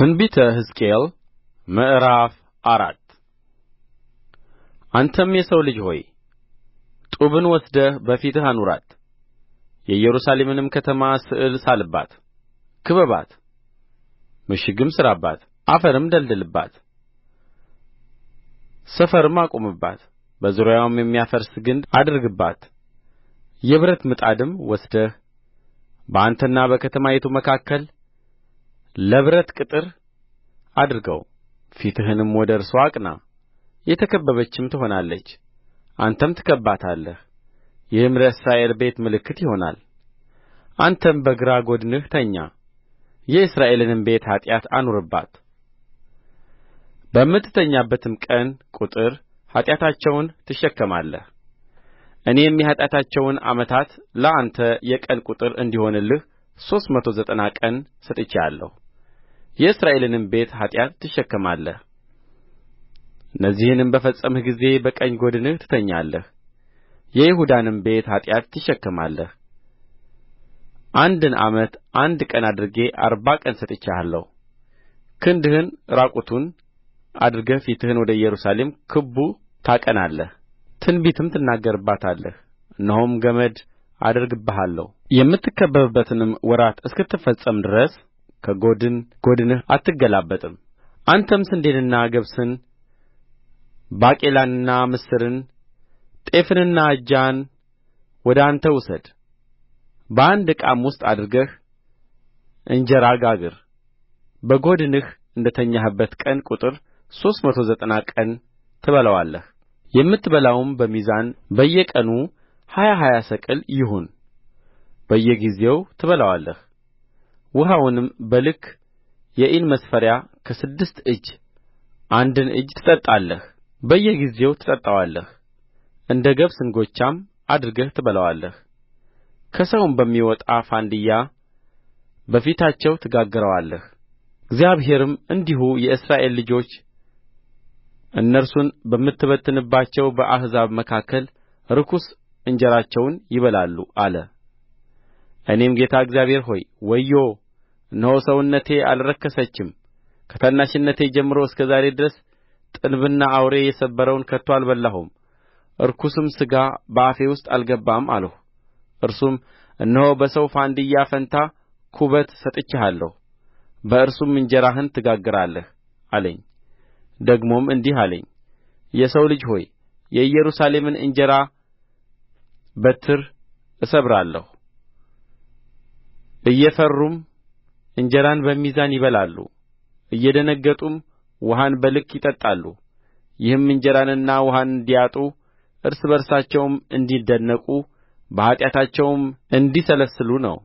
ትንቢተ ሕዝቅኤል ምዕራፍ አራት አንተም የሰው ልጅ ሆይ ጡብን ወስደህ በፊትህ አኑራት የኢየሩሳሌምንም ከተማ ስዕል ሳልባት ክበባት ምሽግም ሥራባት አፈርም ደልድልባት ሰፈርም አቁምባት በዙሪያዋም የሚያፈርስ ግንድ አድርግባት የብረት ምጣድም ወስደህ በአንተና በከተማይቱ መካከል ለብረት ቅጥር አድርገው ፊትህንም ወደ እርስዋ አቅና የተከበበችም ትሆናለች አንተም ትከብባታለህ ይህም ለእስራኤል ቤት ምልክት ይሆናል አንተም በግራ ጐድንህ ተኛ የእስራኤልንም ቤት ኃጢአት አኑርባት በምትተኛበትም ቀን ቍጥር ኃጢአታቸውን ትሸከማለህ እኔም የኃጢአታቸውን ዓመታት ለአንተ የቀን ቍጥር እንዲሆንልህ ሦስት መቶ ዘጠና ቀን ሰጥቼአለሁ የእስራኤልንም ቤት ኃጢአት ትሸከማለህ እነዚህንም በፈጸምህ ጊዜ በቀኝ ጐድንህ ትተኛለህ የይሁዳንም ቤት ኃጢአት ትሸከማለህ አንድን ዓመት አንድ ቀን አድርጌ አርባ ቀን ሰጥቼሃለሁ ክንድህን ራቁቱን አድርገህ ፊትህን ወደ ኢየሩሳሌም ክቡ ታቀናለህ ትንቢትም ትናገርባታለህ እነሆም ገመድ አደርግብሃለሁ የምትከበብበትንም ወራት እስክትፈጽም ድረስ ከጐድን ጐድንህ አትገላበጥም አንተም ስንዴንና ገብስን ባቄላንና ምስርን ጤፍንና አጃን ወደ አንተ ውሰድ በአንድ ዕቃም ውስጥ አድርገህ እንጀራ ጋግር በጐድንህ እንደ ተኛህበት ቀን ቍጥር ሦስት መቶ ዘጠና ቀን ትበላዋለህ የምትበላውም በሚዛን በየቀኑ ሀያ ሀያ ሰቅል ይሁን በየጊዜው ትበላዋለህ ውኃውንም በልክ የኢን መስፈሪያ ከስድስት እጅ አንድን እጅ ትጠጣለህ በየጊዜው ትጠጣዋለህ እንደ ገብስ እንጐቻም አድርገህ ትበላዋለህ ከሰውም በሚወጣ ፋንድያ በፊታቸው ትጋግረዋለህ እግዚአብሔርም እንዲሁ የእስራኤል ልጆች እነርሱን በምትበትንባቸው በአሕዛብ መካከል ርኩስ እንጀራቸውን ይበላሉ አለ እኔም ጌታ እግዚአብሔር ሆይ ወዮ እነሆ ሰውነቴ አልረከሰችም ከታናሽነቴ ጀምሮ እስከ ዛሬ ድረስ ጥንብና አውሬ የሰበረውን ከቶ አልበላሁም ርኩስም ሥጋ በአፌ ውስጥ አልገባም አልሁ እርሱም እነሆ በሰው ፋንድያ ፋንታ ኩበት ሰጥቼሃለሁ በእርሱም እንጀራህን ትጋግራለህ አለኝ ደግሞም እንዲህ አለኝ የሰው ልጅ ሆይ የኢየሩሳሌምን እንጀራ በትር እሰብራለሁ እየፈሩም እንጀራን በሚዛን ይበላሉ እየደነገጡም ውኃን በልክ ይጠጣሉ ይህም እንጀራንና ውኃን እንዲያጡ እርስ በርሳቸውም እንዲደነቁ በኃጢአታቸውም እንዲሰለስሉ ነው